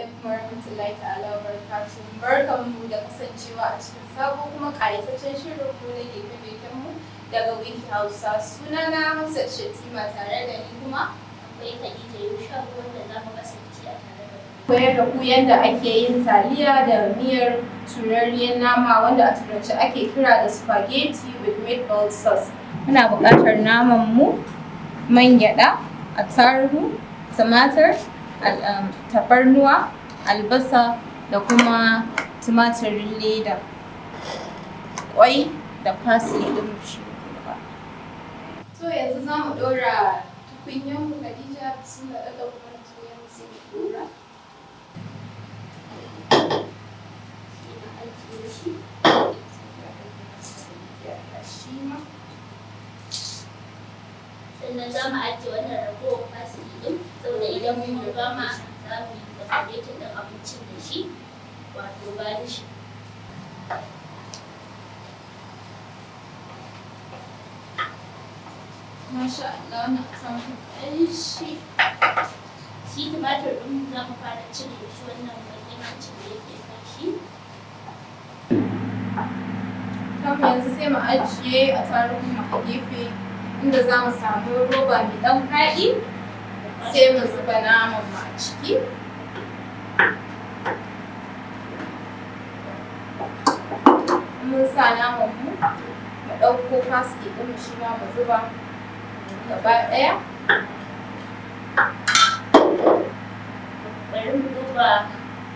alaikum warahmatullahi ta'ala wa barakatuh barkanmu da kasancewa a cikin sabo kuma kayataccen shirin mu da ke kafefen mu daga Wiki Hausa sunana Hafsat Shatima tare da ni kuma akwai Khadija Yusha wanda za mu kasance a tare da koyar da ku yadda ake yin taliya da miyar turarriyar nama wanda a turance ake kira da spaghetti with meatball sauce muna buƙatar naman mu man gyaɗa attarugu tumatir Um, tafarnuwa albasa da kuma tumatirin leda kwai da parsley din shi so yanzu za mu dora tukunyan mu Khadija sun da daga kuma tukunyan mu sai mu dora sannan za mu ajiye wannan ragowar fasili idan mun ba ma za mu yi fasadatin ɗin abincin da shi wato bayan shi Masha Allah na samun ƙanshi. Shi tumatir ɗin za mu fara cire shi wannan mahimmancin da yake kan shi. Kafin yanzu sai mu ajiye a tarihin mu a gefe inda za mu samu roba mai ɗan faɗi sai mu zuba naman mu a ciki mun sa naman mu mu ɗauko kaski ɗin mu shi ma mu zuba gaba ɗaya bari mu duba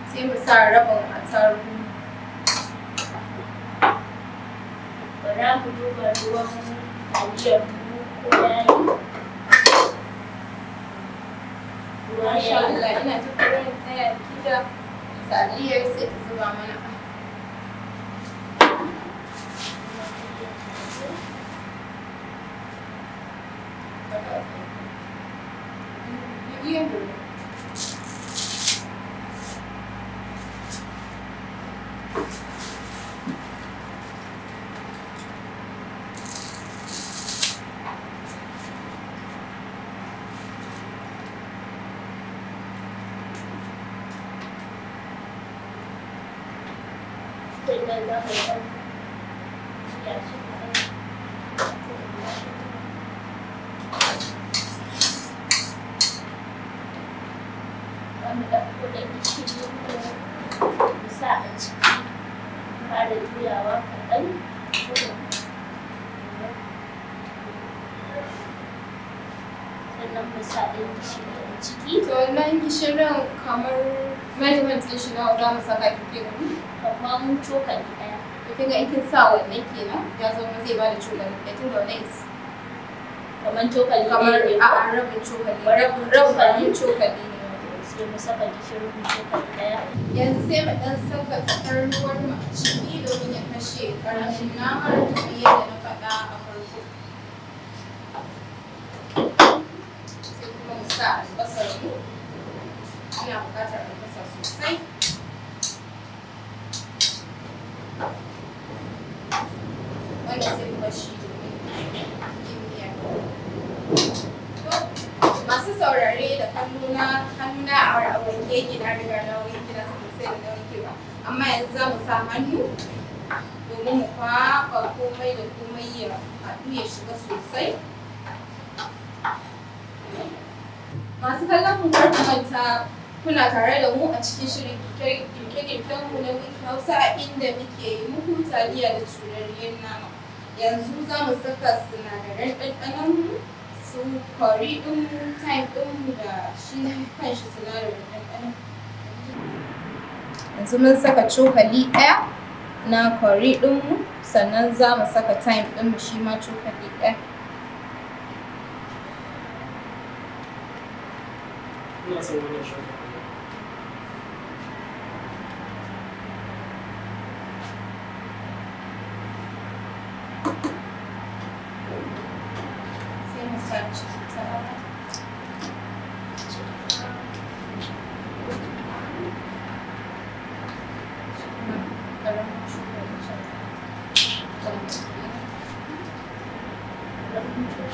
sai mu sa rabin attarugu bara mu duba ruwan taliyar mu ko Masha Allah, ina cikin tsaya kita saniyar sai ta zuba mana shi ciki wannan gishirin kamar measurement ɗin nawa za saka gani? amma mun cokali ɗaya to kin ga in kin sa wannan kenan ya zama zai ba da cokali ɗaya tunda wannan is kamar cokali kamar a a rabin cokali rabin rabin cokali ne sai mu saka gishirin cokali ɗaya yanzu sai mu ɗan saka tafarnuwar mu a ciki domin ya kashe ƙarfin namar fiye da na faɗa a farko sai kuma mu sa albasar mu ana buƙatar albasa sosai mu kwaɓa komai da komai ya ya shiga sosai masu kallon mu kar manta kuna tare da mu a cikin shirin girke-girken mu na wiki hausa inda muke yi muku taliya da turaren nama yanzu za mu saka sinadaran ɗanɗanon mu su kwari mu time mu da shi kanshi sinadarin ɗanɗanon yanzu mun saka cokali ɗaya na curry ɗinmu sannan za mu saka time ɗinmu shi ma cokali ɗaya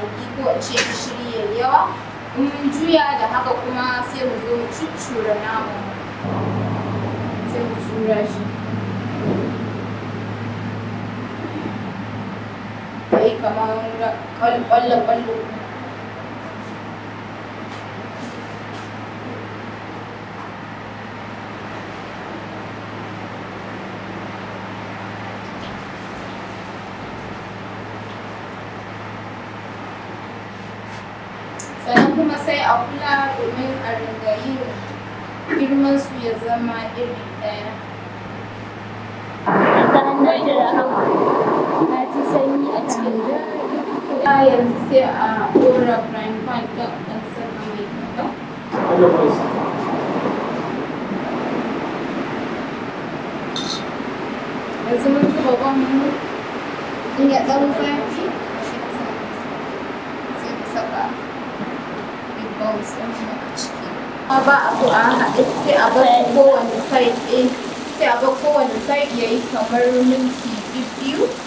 magi ce shirya ya yawa in mun juya da haka kuma sai mu zo mu cuccura naman sai mu cura shi kamar kuma sai a kula domin a ringa yin girman su ya zama iri ɗaya. Na ji sanyi a cikin ya yanzu sai a ah, ɗora prime point ɗin ɗan sama mai kyau. Yanzu mun zuba gwamnati, in ya ɗan zafi. bawustan a ciki ba a so a haɗe sai a bar side sai a bar kowane side yayi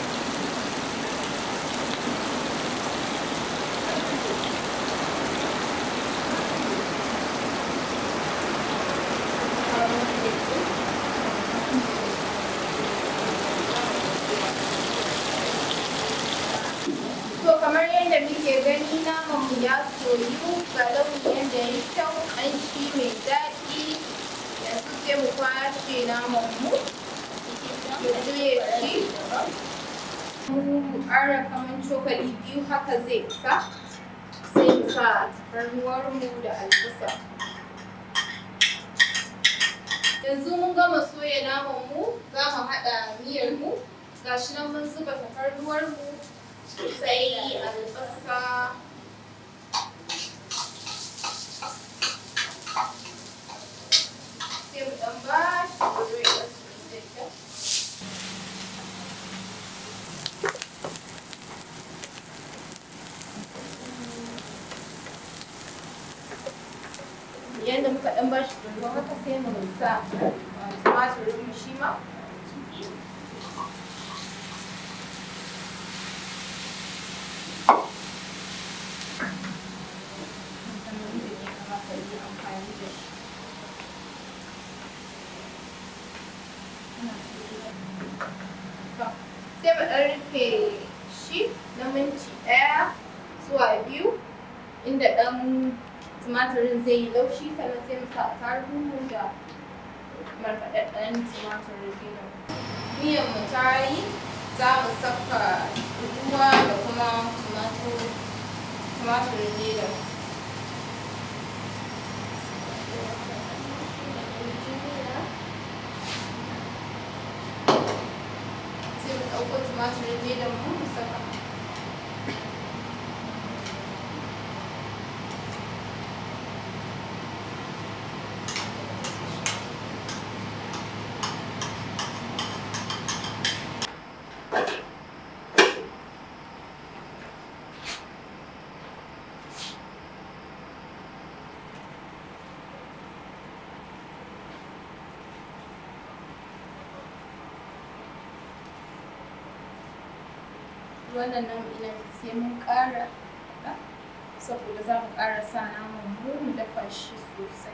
ƙara kamar cokali biyu haka zai isa sai mu sa mu da albasa yanzu mun gama soya naman mu za mu haɗa miyar mu ga shi nan mun zuba ruwar mu sai albasa sai mu ɗan ba shi yadda muka dan bashi tsoro haka sai mu sa tumatirin mu shi sai mu ɗan shi na minti ɗaya zuwa biyu inda ɗan tumatirin zai yi laushi sannan sai mu sa tarhu da markaɗaɗɗen tumatirin gina miyan mu ta yi za mu saka ruwa da kuma tumatirin gina ɗauko wannan namu inabi sai mun ƙara saboda za mu ƙara sa naman mu mu dafa shi sosai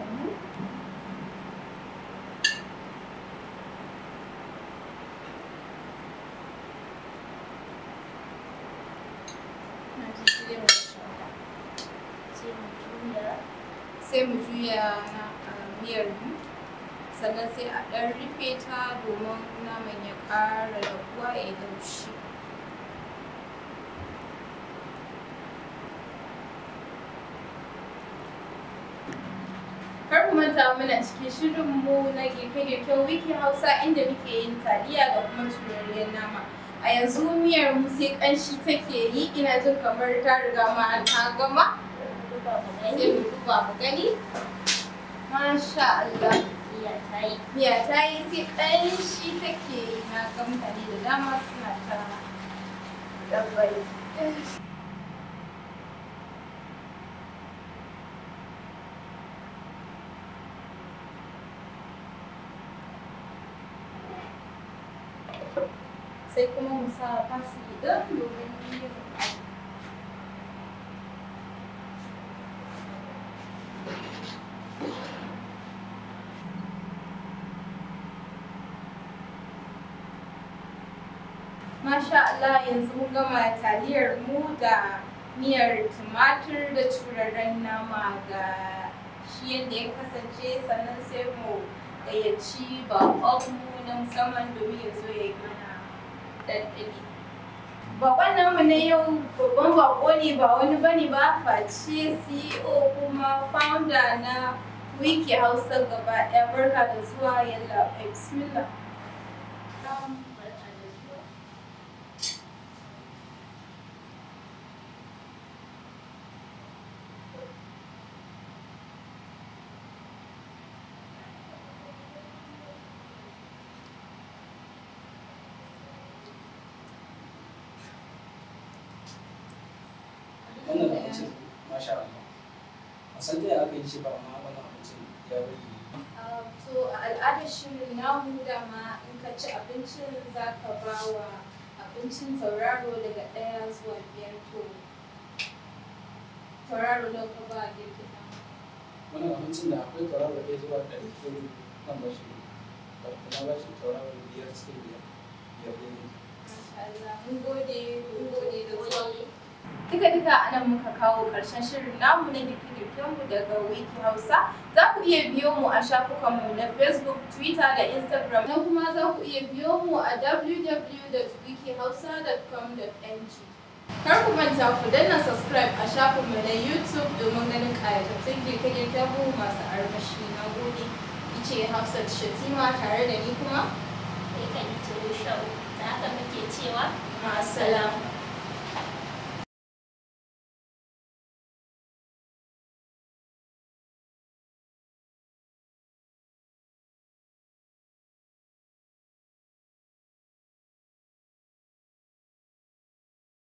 sai mu juya miyar mu sannan sai a ɗan rufe ta domin naman ya ƙara kuwa ya yi laushi kar ku manta muna cikin shirin mu na girke girke wiki hausa inda muke yin taliya da kuma turariyar nama a yanzu miyar mu sai ƙanshi take yi ina jin kamar ta riga ma an gama sai mu duba mu gani masha Allah miya ta yi miya ta yi sai ƙanshi take yi na ga mutane da dama suna ta dabbai sai kuma Musa sa fasili don domin yin gama taliyar mu da miyar tumatir da turaren nama ga shi yadda ya kasance sannan sai mu gayyaci baƙonmu na musamman domin ya zo ya yi mana ɗanɗani. Bakon namu na yau babban bako ne ba wani bane ba face CEO kuma founder na Wiki Hausa gaba ɗaya barka da zuwa yalla bismillah. masha Allah a san da aka yi shi ma amma wannan abincin ya rage ah, to a al'adar shirin namu dama in ka ci abincin za ka ba wa abincin tauraro daga ɗaya zuwa biyar to tauraro don ka ba girki namu Wani abincin da akwai tauraro ɗaya zuwa ɗari ko kan ba shi kuma ba shi tauraro biyar sai biyar biyar ɗaya Masha Allah, mun gode, mun gode da zuwa duka duka anan muka kawo ƙarshen shirin namu na girke-girkenmu daga wiki hausa za ku iya biyo mu a shafukanmu na facebook twitter da instagram na kuma za ku iya biyo mu a www.wikihausa.com.ng kar ku manta ku danna subscribe a shafinmu na youtube domin ganin ƙayatattun girke-girkenmu masu armashi na gode ce hafsat shatima tare da ni kuma kai kan ce shau da haka muke cewa ma'asalam